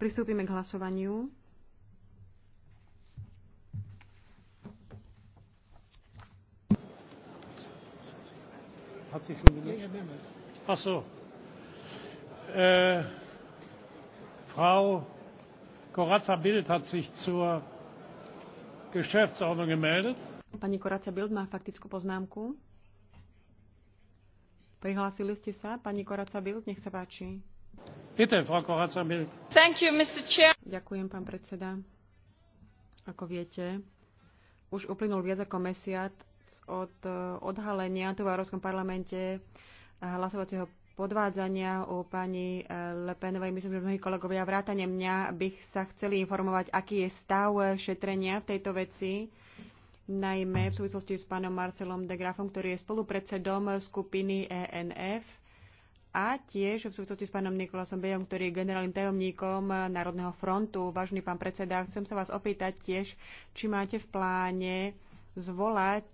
Pristúpime k hlasovaniu. Hat sich schon Ach so. Äh, Frau Corazza Bild hat sich zur Geschäftsordnung gemeldet. Pani Corazza Bild má faktickú poznámku. Prihlásili ste sa, pani Koraca Bild, nech sa páči. Thank you, Mr. Chair. Ďakujem, pán predseda. Ako viete, už uplynul viac ako mesiac od eh, odhalenia tu v Európskom parlamente eh, hlasovacieho podvádzania u pani eh, Le Penovej. Myslím, že mnohí kolegovia vrátane mňa bych sa chceli informovať, aký je stav šetrenia v tejto veci najmä v súvislosti s pánom Marcelom de Grafom, ktorý je spolupredsedom skupiny ENF a tiež v súvislosti s pánom Nikolasom Bejom, ktorý je generálnym tajomníkom Národného frontu. Vážený pán predseda, chcem sa vás opýtať tiež, či máte v pláne zvolať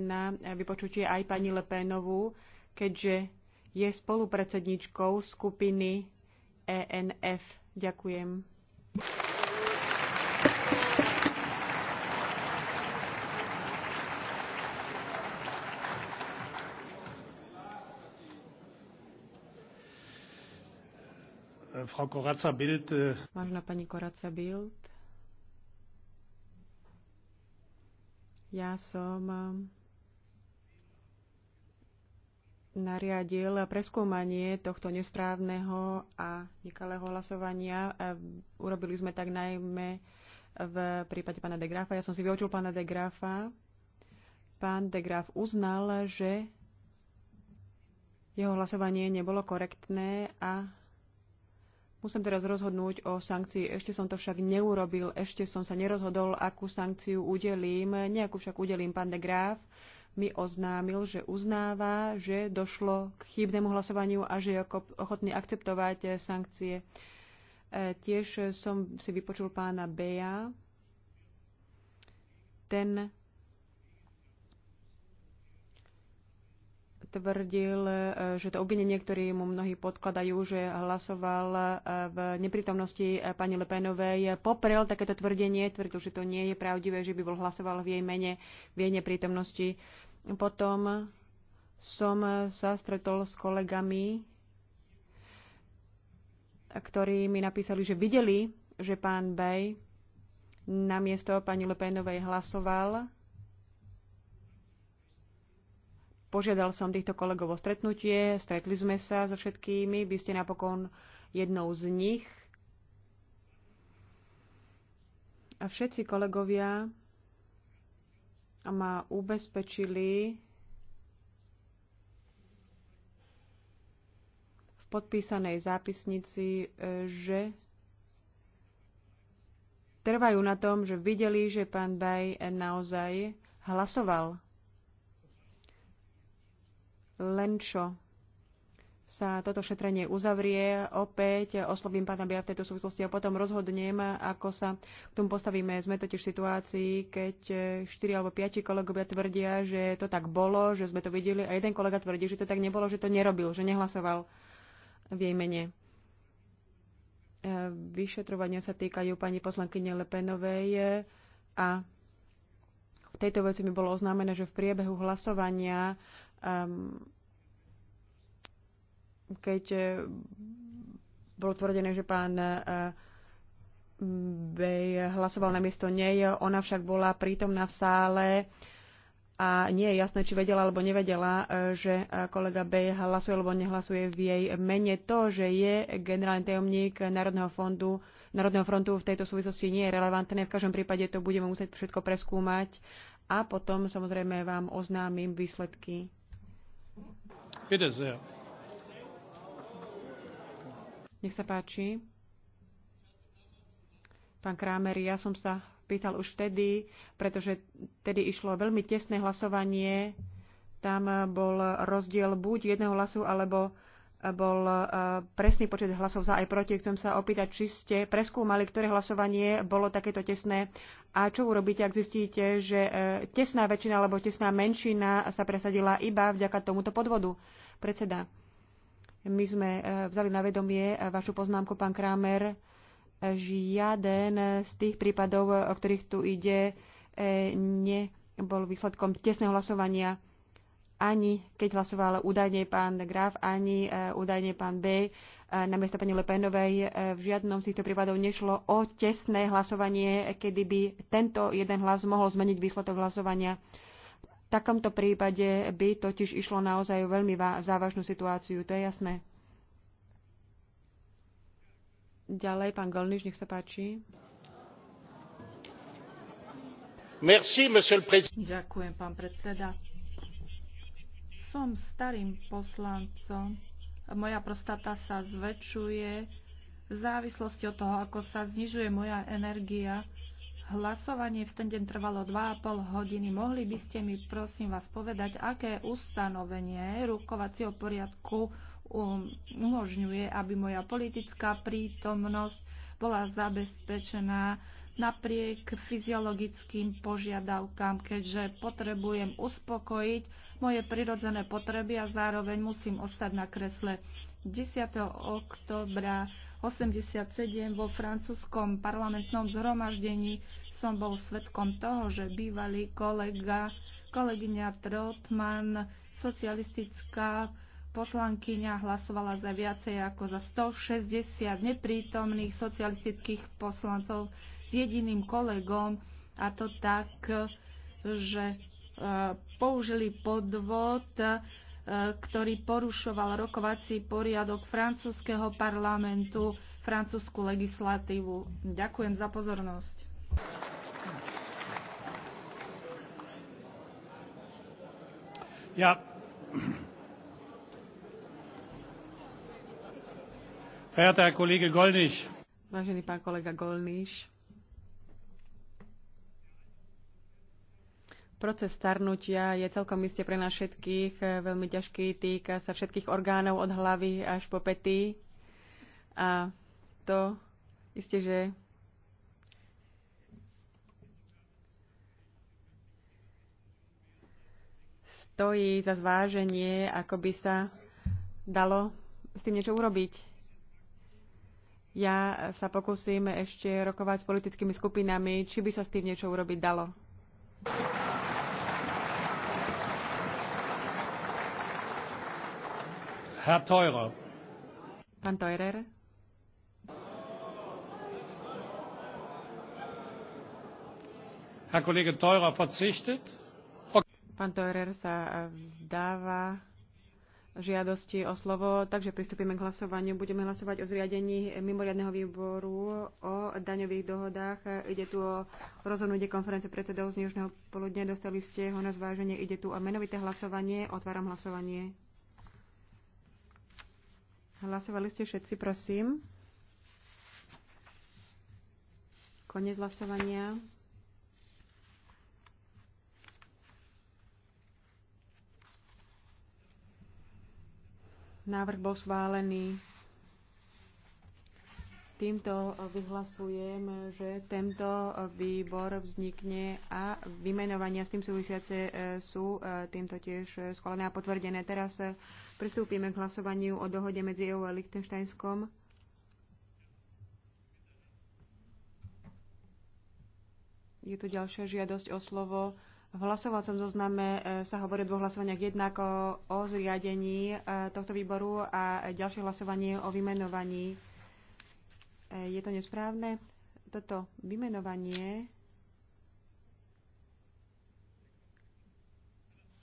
na vypočutie aj pani Lepénovú, keďže je spolupredsedničkou skupiny ENF. Ďakujem. Frau Bild. Äh, Vážená pani Koraca Bild, ja som ähm, nariadil preskúmanie tohto nesprávneho a nekalého hlasovania. E, urobili sme tak najmä v prípade pána de Grafa. Ja som si vyučil pána de Grafa. Pán de Graf uznal, že jeho hlasovanie nebolo korektné a Musím teraz rozhodnúť o sankcii. Ešte som to však neurobil, ešte som sa nerozhodol, akú sankciu udelím. Nejakú však udelím. Pán de Graaf mi oznámil, že uznáva, že došlo k chybnému hlasovaniu a že je ochotný akceptovať eh, sankcie. Eh, tiež som si vypočul pána Beja. Ten tvrdil, e, že to obvinenie, ktoré mu mnohí podkladajú, že hlasoval e, v neprítomnosti e, pani Lepenovej, poprel takéto tvrdenie, tvrdil, že to nie je pravdivé, že by bol hlasoval v jej mene, v jej neprítomnosti. Potom som sa stretol s kolegami, ktorí mi napísali, že videli, že pán Bej namiesto pani Lepenovej hlasoval Požiadal som týchto kolegov o stretnutie, stretli sme sa so všetkými, by ste napokon jednou z nich. A všetci kolegovia ma ubezpečili v podpísanej zápisnici, e, že trvajú na tom, že videli, že pán Daj naozaj hlasoval len čo sa toto šetrenie uzavrie. Opäť oslovím pána Bia v tejto súvislosti a potom rozhodnem, ako sa k tomu postavíme. Sme totiž v situácii, keď 4 alebo 5 kolegovia tvrdia, že to tak bolo, že sme to videli a jeden kolega tvrdí, že to tak nebolo, že to nerobil, že nehlasoval v jej mene. E, vyšetrovania sa týkajú pani poslankyne Lepenovej a v tejto veci mi bolo oznámené, že v priebehu hlasovania Um, keď eh, bolo tvrdené, že pán eh, Bej hlasoval na miesto nej, ona však bola prítomná v sále a nie je jasné, či vedela alebo nevedela, eh, že kolega B hlasuje alebo nehlasuje v jej mene. To, že je generálny tajomník Národného fondu, Národného frontu v tejto súvislosti nie je relevantné. V každom prípade to budeme musieť všetko preskúmať a potom samozrejme vám oznámim výsledky. Bitte sehr. Nech sa páči. Pán Krámer, ja som sa pýtal už vtedy, pretože tedy išlo veľmi tesné hlasovanie. Tam bol rozdiel buď jedného hlasu alebo bol e, presný počet hlasov za aj proti. Chcem sa opýtať, či ste preskúmali, ktoré hlasovanie bolo takéto tesné a čo urobíte, ak zistíte, že e, tesná väčšina alebo tesná menšina sa presadila iba vďaka tomuto podvodu. Predseda, my sme e, vzali na vedomie vašu poznámku, pán Kramer. Žiaden z tých prípadov, o ktorých tu ide, nebol výsledkom tesného hlasovania ani keď hlasoval údajne pán Graf, ani e, údajne pán B e, na miesto pani Lepenovej. E, v žiadnom z týchto prípadov nešlo o tesné hlasovanie, kedy by tento jeden hlas mohol zmeniť výsledok hlasovania. V takomto prípade by totiž išlo naozaj o veľmi závažnú situáciu, to je jasné. Ďalej, pán Golniš, nech sa páči. Merci, Ďakujem, pán predseda som starým poslancom. Moja prostata sa zväčšuje v závislosti od toho, ako sa znižuje moja energia. Hlasovanie v ten deň trvalo 2,5 hodiny. Mohli by ste mi, prosím vás, povedať, aké ustanovenie rukovacieho poriadku um, umožňuje, aby moja politická prítomnosť bola zabezpečená napriek fyziologickým požiadavkám, keďže potrebujem uspokojiť moje prirodzené potreby a zároveň musím ostať na kresle. 10. oktobra 87 vo francúzskom parlamentnom zhromaždení som bol svetkom toho, že bývalý kolega, kolegyňa Trotman, socialistická poslankyňa hlasovala za viacej ako za 160 neprítomných socialistických poslancov s jediným kolegom a to tak, že e, použili podvod, e, ktorý porušoval rokovací poriadok francúzského parlamentu, francúzsku legislatívu. Ďakujem za pozornosť. Ja. Verehrter Herr Kollege Gollnisch. Vážený pán kolega Golníš. Proces starnutia je celkom iste pre nás všetkých eh, veľmi ťažký, týka sa všetkých orgánov od hlavy až po pety. A to isté, že stojí za zváženie, ako by sa dalo s tým niečo urobiť. Ja sa pokúsim ešte rokovať s politickými skupinami, či by sa s tým niečo urobiť dalo. Herr Teurer. Pán Teurer. Herr Kollege Teurer verzichtet. Okay. Pán Teurer sa vzdáva žiadosti o slovo, takže pristúpime k hlasovaniu. Budeme hlasovať o zriadení mimoriadného výboru o daňových dohodách. Ide tu o rozhodnutie konferencie predsedov z dnešného poludne. Dostali ste ho na zváženie. Ide tu o menovité hlasovanie. Otváram hlasovanie. Hlasovali ste všetci, prosím. Konec hlasovania. Návrh bol schválený. Týmto vyhlasujem, že tento výbor vznikne a vymenovania s tým súvisiace e, sú e, týmto tiež schválené a potvrdené. Teraz e, pristúpime k hlasovaniu o dohode medzi EU a Liechtensteinskom. Je tu ďalšia žiadosť o slovo. V hlasovacom zozname e, sa hovorí o dvoch hlasovaniach. Jednak o, o zriadení e, tohto výboru a ďalšie hlasovanie o vymenovaní. E, je to nesprávne? Toto vymenovanie.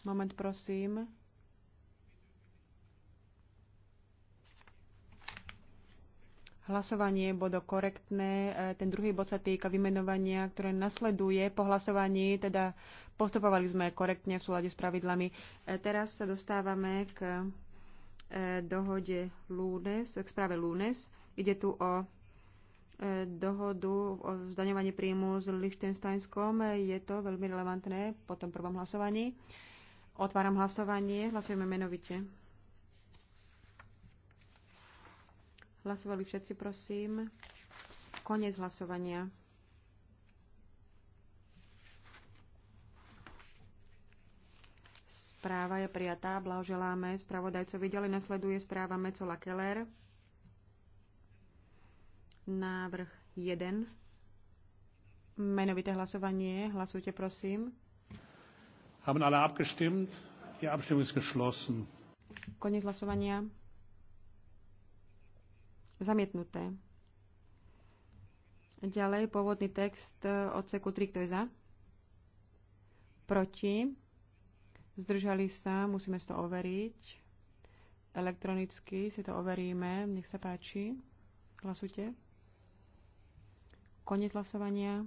Moment, prosím. hlasovanie bolo korektné. E, ten druhý bod sa týka vymenovania, ktoré nasleduje po hlasovaní, teda postupovali sme korektne v súlade s pravidlami. E, teraz sa dostávame k e, dohode Lunes, k správe Lunes. Ide tu o dohodu o zdaňovaní príjmu s Lichtensteinskom. Je to veľmi relevantné po tom prvom hlasovaní. Otváram hlasovanie. Hlasujeme menovite. Hlasovali všetci, prosím. Konec hlasovania. Správa je prijatá. Blahoželáme spravodajcovi. Ďalej nasleduje správa Mecola Keller. Návrh 1. Menovité hlasovanie. Hlasujte, prosím. Haben alle abgestimmt? Die Abstimmung ist geschlossen. Konec hlasovania. Zamietnuté. Ďalej pôvodný text e, odseku 3, kto je za? Proti. Zdržali sa, musíme si to overiť. Elektronicky si to overíme, nech sa páči. Hlasujte. Koniec hlasovania.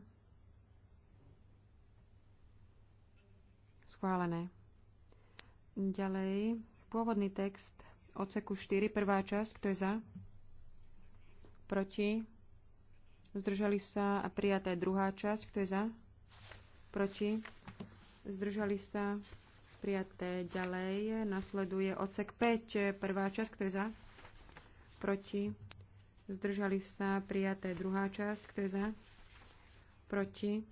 Schválené. Ďalej, pôvodný text odseku 4, prvá časť, kto je za? proti, zdržali sa a prijaté druhá časť, kto je za, proti, zdržali sa, prijaté ďalej, nasleduje odsek 5, prvá časť, kto je za, proti, zdržali sa, prijaté druhá časť, kto je za, proti,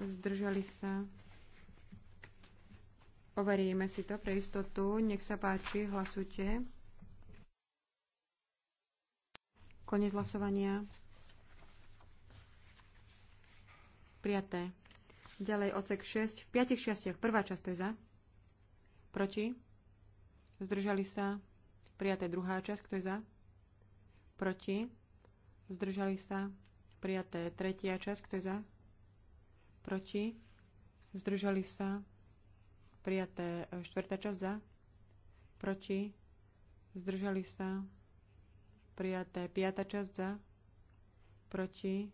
zdržali sa, overíme si to pre istotu, nech sa páči, hlasujte. Konec hlasovania. Prijaté. Ďalej ocek 6. V piatich šiastiach Prvá časť to je za. Proti. Zdržali sa. Prijaté druhá časť. Kto je za? Proti. Zdržali sa. Prijaté tretia časť. Kto je za? Proti. Zdržali sa. Prijaté štvrtá časť za. Proti. Zdržali sa prijaté. piatá časť za, proti,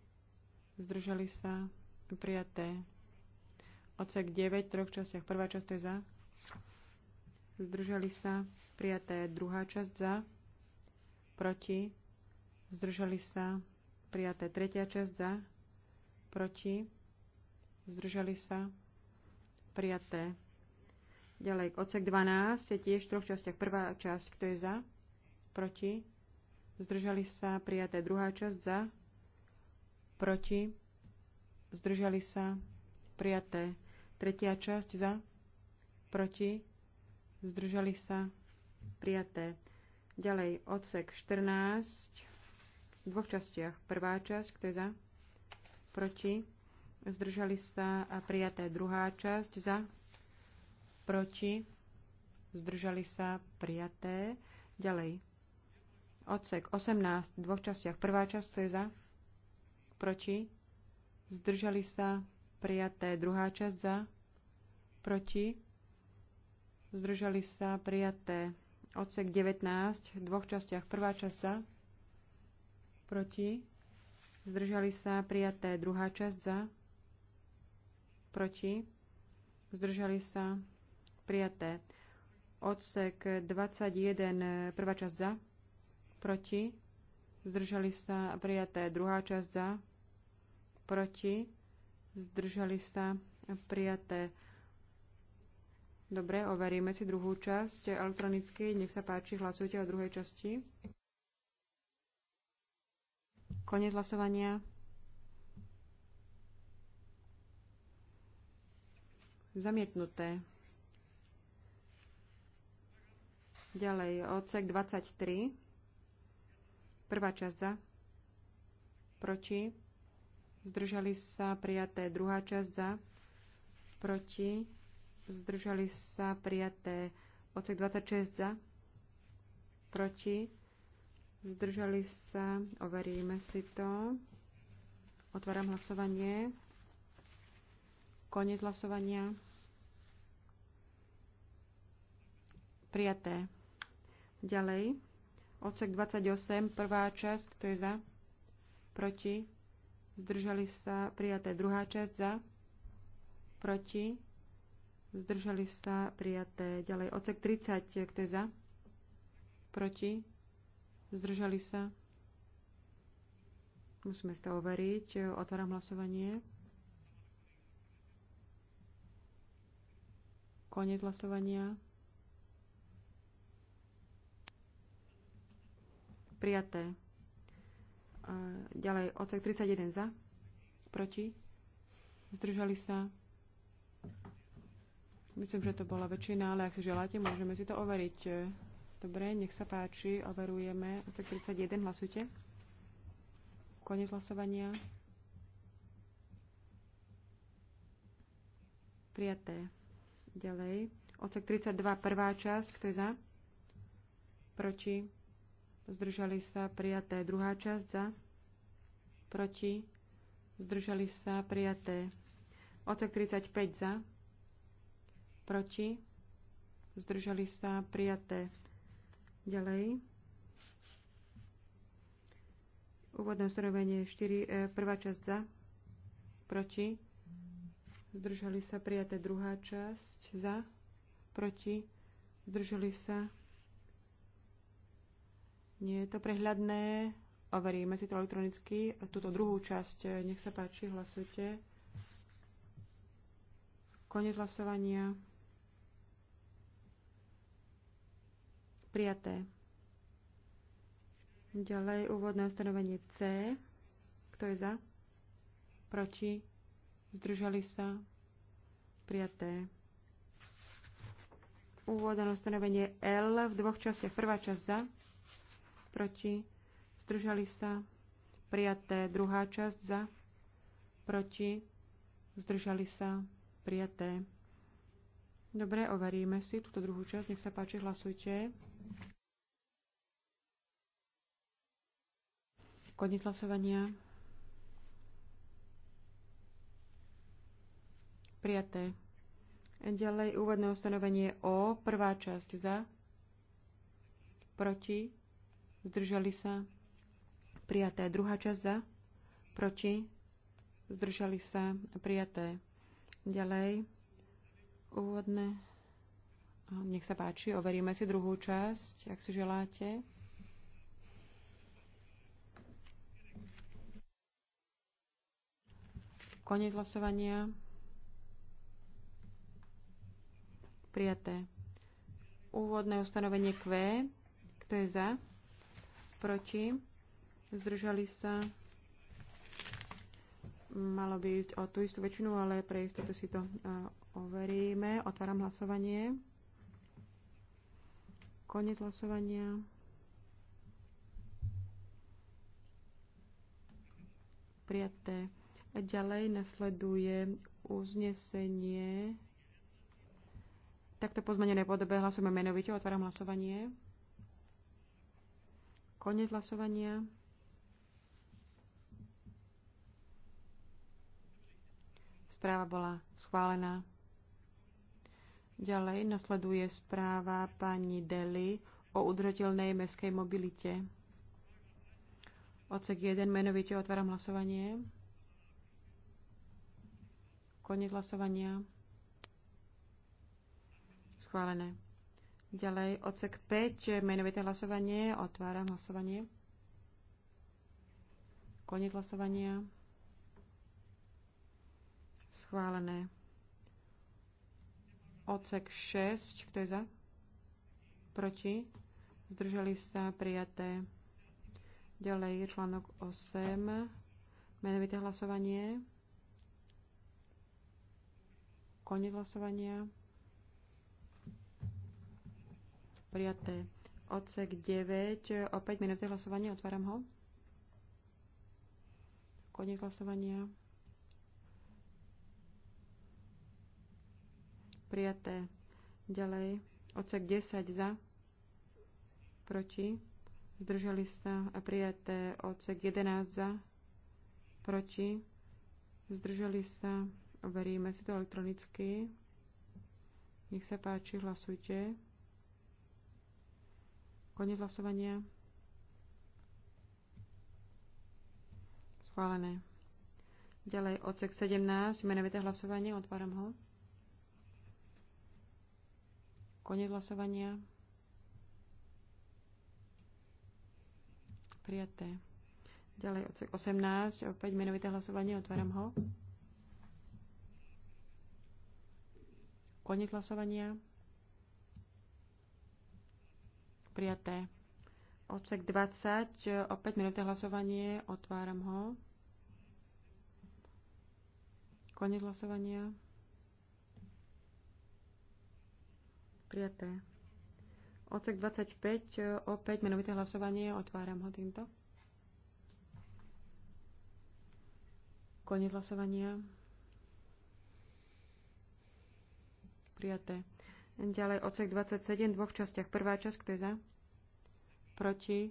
zdržali sa, prijaté. Odsek 9 troch častiach. Prvá časť je za, zdržali sa, prijaté. Druhá časť za, proti, zdržali sa, prijaté. Tretia časť za, proti, zdržali sa, prijaté. Ďalej, odsek 12 je tiež v troch častiach. Prvá časť, kto je za, proti, zdržali sa, prijaté druhá časť za, proti, zdržali sa, prijaté tretia časť za, proti, zdržali sa, prijaté. Ďalej odsek 14 v dvoch častiach. Prvá časť, kto je za, proti, zdržali sa a prijaté druhá časť za, proti, zdržali sa, prijaté. Ďalej Odsek 18 v dvoch častiach. Prvá časť, kto je za? Proti? Zdržali sa prijaté. Druhá časť za? Proti? Zdržali sa prijaté. Odsek 19 v dvoch častiach. Prvá časť za? Proti? Zdržali sa prijaté. Druhá časť za? Proti? Zdržali sa prijaté. Odsek 21, prvá časť za? proti, zdržali sa prijaté. Druhá časť za, proti, zdržali sa prijaté. Dobre, overíme si druhú časť elektronicky. Nech sa páči, hlasujte o druhej časti. Konec hlasovania. Zamietnuté. Ďalej, odsek 23. Prvá časť za, proti, zdržali sa prijaté. Druhá časť za, proti, zdržali sa prijaté. Odsek 26 za, proti, zdržali sa, overíme si to. Otváram hlasovanie. Koniec hlasovania. Prijaté. Ďalej. Odsek 28, prvá časť, kto je za? Proti? Zdržali sa prijaté. Druhá časť za? Proti? Zdržali sa prijaté. Ďalej, odsek 30, kto je za? Proti? Zdržali sa? Musíme si to overiť. Otváram hlasovanie. Koniec hlasovania. prijaté. Ďalej, odsek 31 za, proti, zdržali sa. Myslím, že to bola väčšina, ale ak si želáte, môžeme si to overiť. Dobre, nech sa páči, overujeme. Odsek 31, hlasujte. Konec hlasovania. Prijaté. Ďalej. Odsek 32, prvá časť, kto je za? Proti? zdržali sa prijaté. Druhá časť za, proti, zdržali sa prijaté. Odsek 35 za, proti, zdržali sa prijaté. Ďalej. Úvodné ustanovenie 4, e, prvá časť za, proti, zdržali sa prijaté. Druhá časť za, proti, zdržali sa nie je to prehľadné. Overíme si to elektronicky. Tuto druhú časť, eh, nech sa páči, hlasujte. Konec hlasovania. Prijaté. Ďalej úvodné ustanovenie C. Kto je za? Proti? Zdržali sa? Prijaté. Úvodné ustanovenie L v dvoch častiach. Prvá časť za proti, zdržali sa, prijaté druhá časť za, proti, zdržali sa, prijaté. Dobre, overíme si túto druhú časť, nech sa páči, hlasujte. Koniec hlasovania. Prijaté. Ďalej úvodné ustanovenie O, prvá časť za, proti, zdržali sa, prijaté. Druhá časť za, proti, zdržali sa, prijaté. Ďalej, úvodné. Nech sa páči, overíme si druhú časť, ak si želáte. Konec hlasovania. Prijaté. Úvodné ustanovenie Q. Kto je za? proti, zdržali sa. Malo by ísť o tú istú väčšinu, ale pre istotu si to overíme. Otváram hlasovanie. Konec hlasovania. Prijaté. Ďalej nasleduje uznesenie takto pozmenené podobe hlasujeme menovite. Otváram hlasovanie. Konec hlasovania. Správa bola schválená. Ďalej nasleduje správa pani Deli o udržateľnej meskej mobilite. Odsek 1 menovite otváram hlasovanie. Konec hlasovania. Schválené. Ďalej odsek 5, menovité hlasovanie. Otváram hlasovanie. Koniec hlasovania. Schválené. Odsek 6, kto je za? Proti? Zdržali sa prijaté. Ďalej článok 8, menovité hlasovanie. Koniec hlasovania prijaté. Odsek 9, opäť minúty hlasovania, otváram ho. Koniec hlasovania. Prijaté. Ďalej. Odsek 10 za. Proti. Zdržali sa. A prijaté. Odsek 11 za. Proti. Zdržali sa. Overíme si to elektronicky. Nech sa páči, hlasujte. Konec hlasovania. Schválené. Ďalej odsek 17, menovité hlasovanie, otváram ho. Konec hlasovania. Prijaté. Ďalej odsek 18, opäť menovité hlasovanie, otváram ho. Konec hlasovania. prijaté. Odsek 20, 5 minúte hlasovanie, otváram ho. Konec hlasovania. Prijaté. Odsek 25, 5 minúte hlasovanie, otváram ho týmto. Konec hlasovania. Prijaté. Ďalej odsek 27 v dvoch častiach. Prvá časť, kto je za? proti,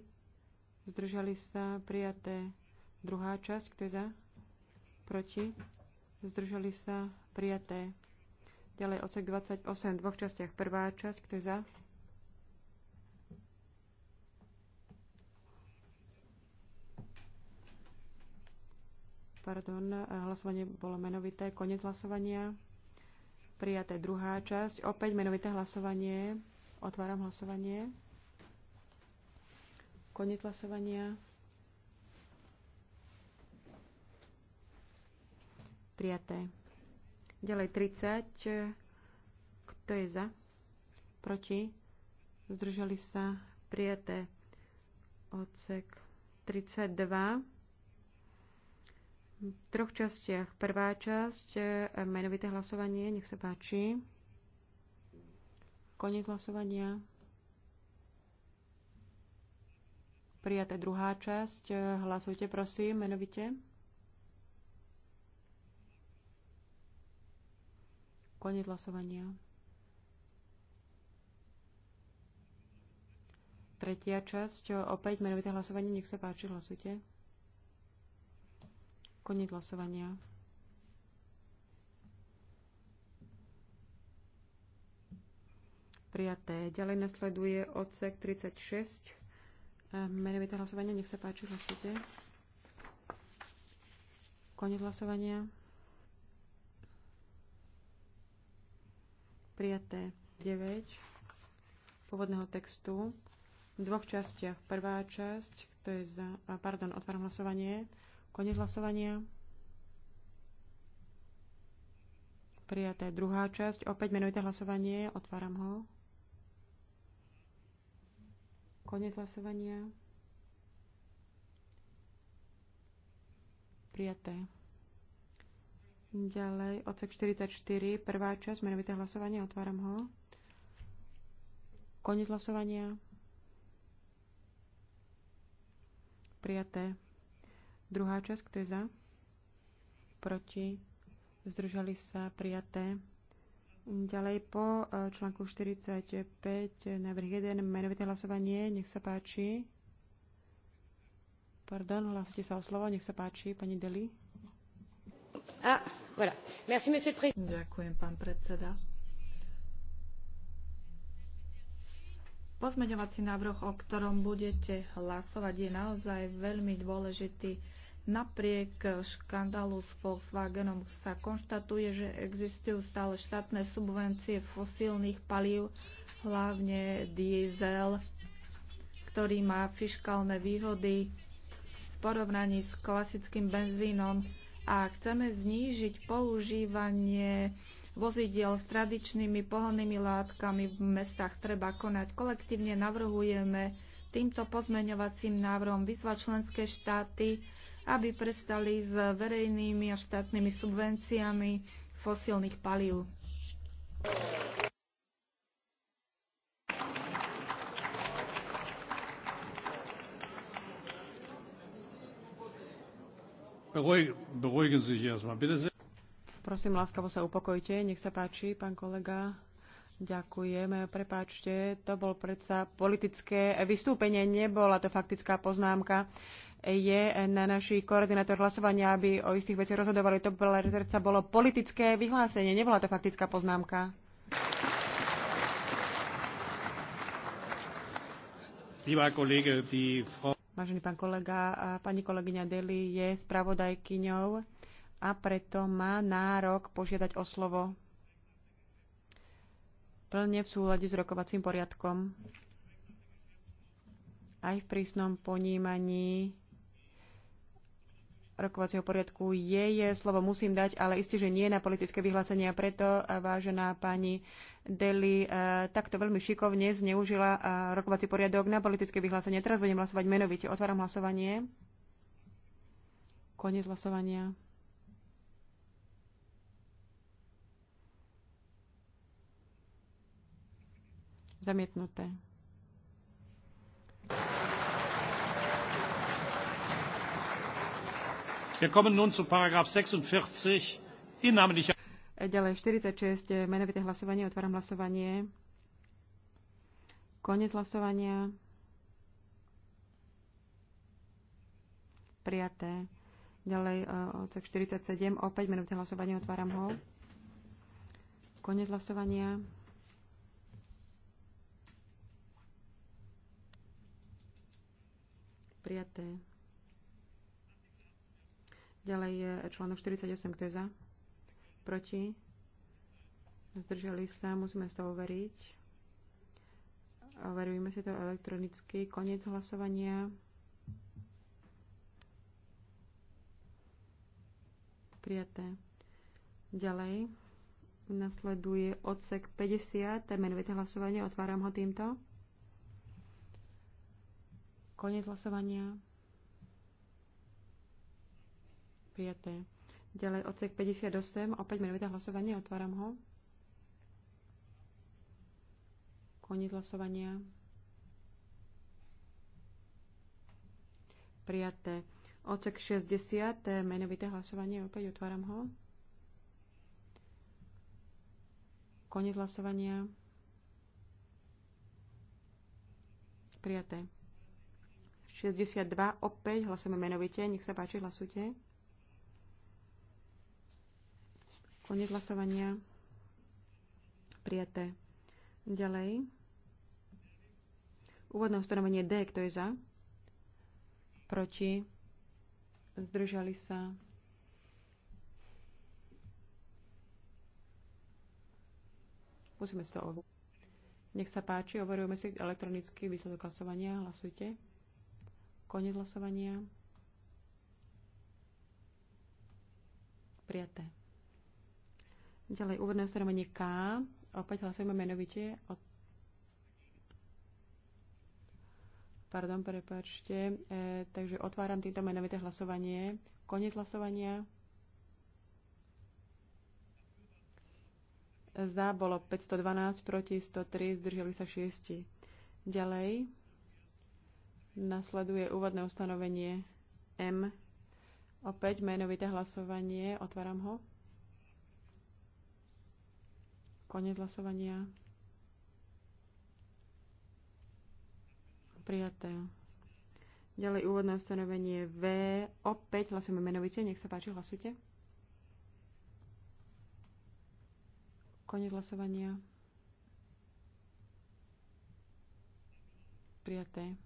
zdržali sa prijaté. Druhá časť, kto je za, proti, zdržali sa prijaté. Ďalej odsek 28 v dvoch častiach. Prvá časť, kto je za, pardon, hlasovanie bolo menovité, koniec hlasovania. Prijaté druhá časť, opäť menovité hlasovanie. Otváram hlasovanie. Koniec hlasovania. Prijaté. Ďalej 30. Kto je za? Proti? Zdržali sa? Prijaté. Odsek 32. V troch častiach. Prvá časť, e, menovité hlasovanie, nech sa páči. Koniec hlasovania. Prijaté druhá časť. E, hlasujte, prosím, menovite. Konec hlasovania. Tretia časť, e, opäť menovité hlasovanie, nech sa páči, hlasujte. Koniec hlasovania. Prijaté. Ďalej nasleduje odsek 36. Menovité hlasovanie, nech sa páči, hlasujte. Konec hlasovania. Prijaté 9 pôvodného textu v dvoch častiach. Prvá časť, to je za... Pardon, otváram hlasovanie. Konec hlasovania. Prijaté druhá časť. Opäť menujte hlasovanie. Otváram ho. Konec hlasovania. Prijaté. Ďalej, odsek 44, prvá časť, menovité hlasovanie, otváram ho. Konec hlasovania. Prijaté. Druhá časť, kto je za? Proti. Zdržali sa prijaté. Ďalej po e, článku 45, e, návrh 1, menovité hlasovanie, nech sa páči. Pardon, hlasíte sa o slovo, nech sa páči, pani Deli. Ah, voilà. Merci, monsieur le président. Ďakujem, pán predseda. Pozmeňovací návrh, o ktorom budete hlasovať, je naozaj veľmi dôležitý Napriek škandálu s Volkswagenom sa konštatuje, že existujú stále štátne subvencie fosílnych palív, hlavne diesel, ktorý má fiškálne výhody v porovnaní s klasickým benzínom a chceme znížiť používanie vozidiel s tradičnými pohonnými látkami v mestách treba konať. Kolektívne navrhujeme týmto pozmeňovacím návrhom vyzvať členské štáty, aby prestali s verejnými a štátnymi subvenciami fosílnych palív. Prosím, láskavo sa upokojte. Nech sa páči, pán kolega. Ďakujem. Prepáčte, to bol predsa politické vystúpenie, nebola to faktická poznámka je na naši koordinátor hlasovania, aby o istých veciach rozhodovali. To predsa bolo politické vyhlásenie, nebola to faktická poznámka. Vážený pán kolega, pani kolegyňa Deli je spravodajkyňou a preto má nárok požiadať o slovo plne v súlade s rokovacím poriadkom aj v prísnom ponímaní rokovacieho poriadku je, slovo musím dať, ale isté, že nie na politické A Preto, vážená pani Deli, e, takto veľmi šikovne zneužila e, rokovací poriadok na politické vyhlásenie. Teraz budem hlasovať menovite. Otváram hlasovanie. Koniec hlasovania. Zamietnuté. E, ďalej 46, menovité hlasovanie, otváram hlasovanie. Konec hlasovania. Prijaté. Ďalej e, odsek 47, opäť menovité hlasovanie, otváram ho. Konec hlasovania. Prijaté. Ďalej je článok 48, kto je za? Proti? Zdržali sa, musíme z toho overiť. Overujeme si to elektronicky. Koniec hlasovania. Prijaté. Ďalej nasleduje odsek 50, menovité hlasovanie. Otváram ho týmto. Koniec hlasovania. prijaté. Ďalej odsek 58, opäť menovité hlasovanie, otváram ho. Koniec hlasovania. Prijaté. Odsek 60, menovité hlasovanie, opäť otváram ho. Koniec hlasovania. Prijaté. 62, opäť hlasujeme menovite, nech sa páči, hlasujte. koniec hlasovania. Prijaté. Ďalej. Úvodné ustanovenie D, kto je za? Proti? Zdržali sa? Musíme si to overiť. Nech sa páči, overujeme si elektronicky výsledok hlasovania. Hlasujte. Koniec hlasovania. Prijaté. Ďalej úvodné ustanovenie K. Opäť hlasujeme menovite. Pardon, prepáčte. E, takže otváram týmto menovité hlasovanie. Koniec hlasovania. Za bolo 512, proti 103, zdržali sa 6. Ďalej nasleduje úvodné ustanovenie M. Opäť menovité hlasovanie. Otváram ho. Konec hlasovania. Prijaté. Ďalej úvodné ustanovenie V. Opäť hlasujeme menovite. Nech sa páči, hlasujte. Konec hlasovania. Prijaté.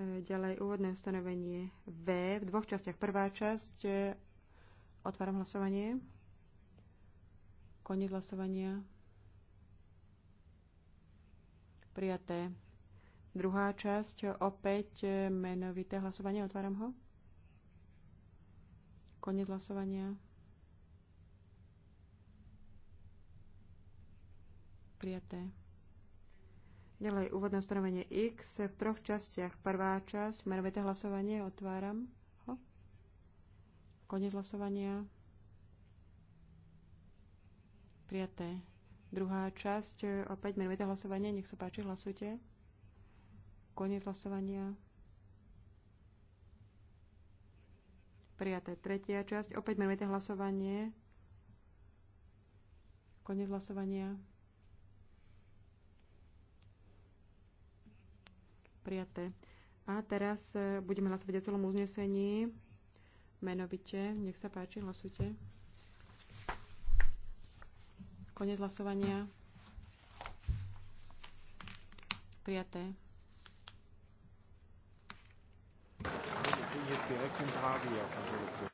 E, ďalej úvodné ustanovenie V v dvoch častiach. Prvá časť e, Otváram hlasovanie. Koniec hlasovania. Prijaté. Druhá časť, opäť menovité hlasovanie. Otváram ho. Koniec hlasovania. Prijaté. Ďalej, úvodné ustanovenie X v troch častiach. Prvá časť, menovité hlasovanie. Otváram. Konec hlasovania. Prijaté. Druhá časť, e, opäť menujete hlasovanie, nech sa páči, hlasujte. Koniec hlasovania. Prijaté. Tretia časť, opäť menujete hlasovanie. Koniec hlasovania. Prijaté. A teraz e, budeme hlasovať o celom uznesení menovite. Nech sa páči, hlasujte. Konec hlasovania. Prijaté. Jetzt direkt in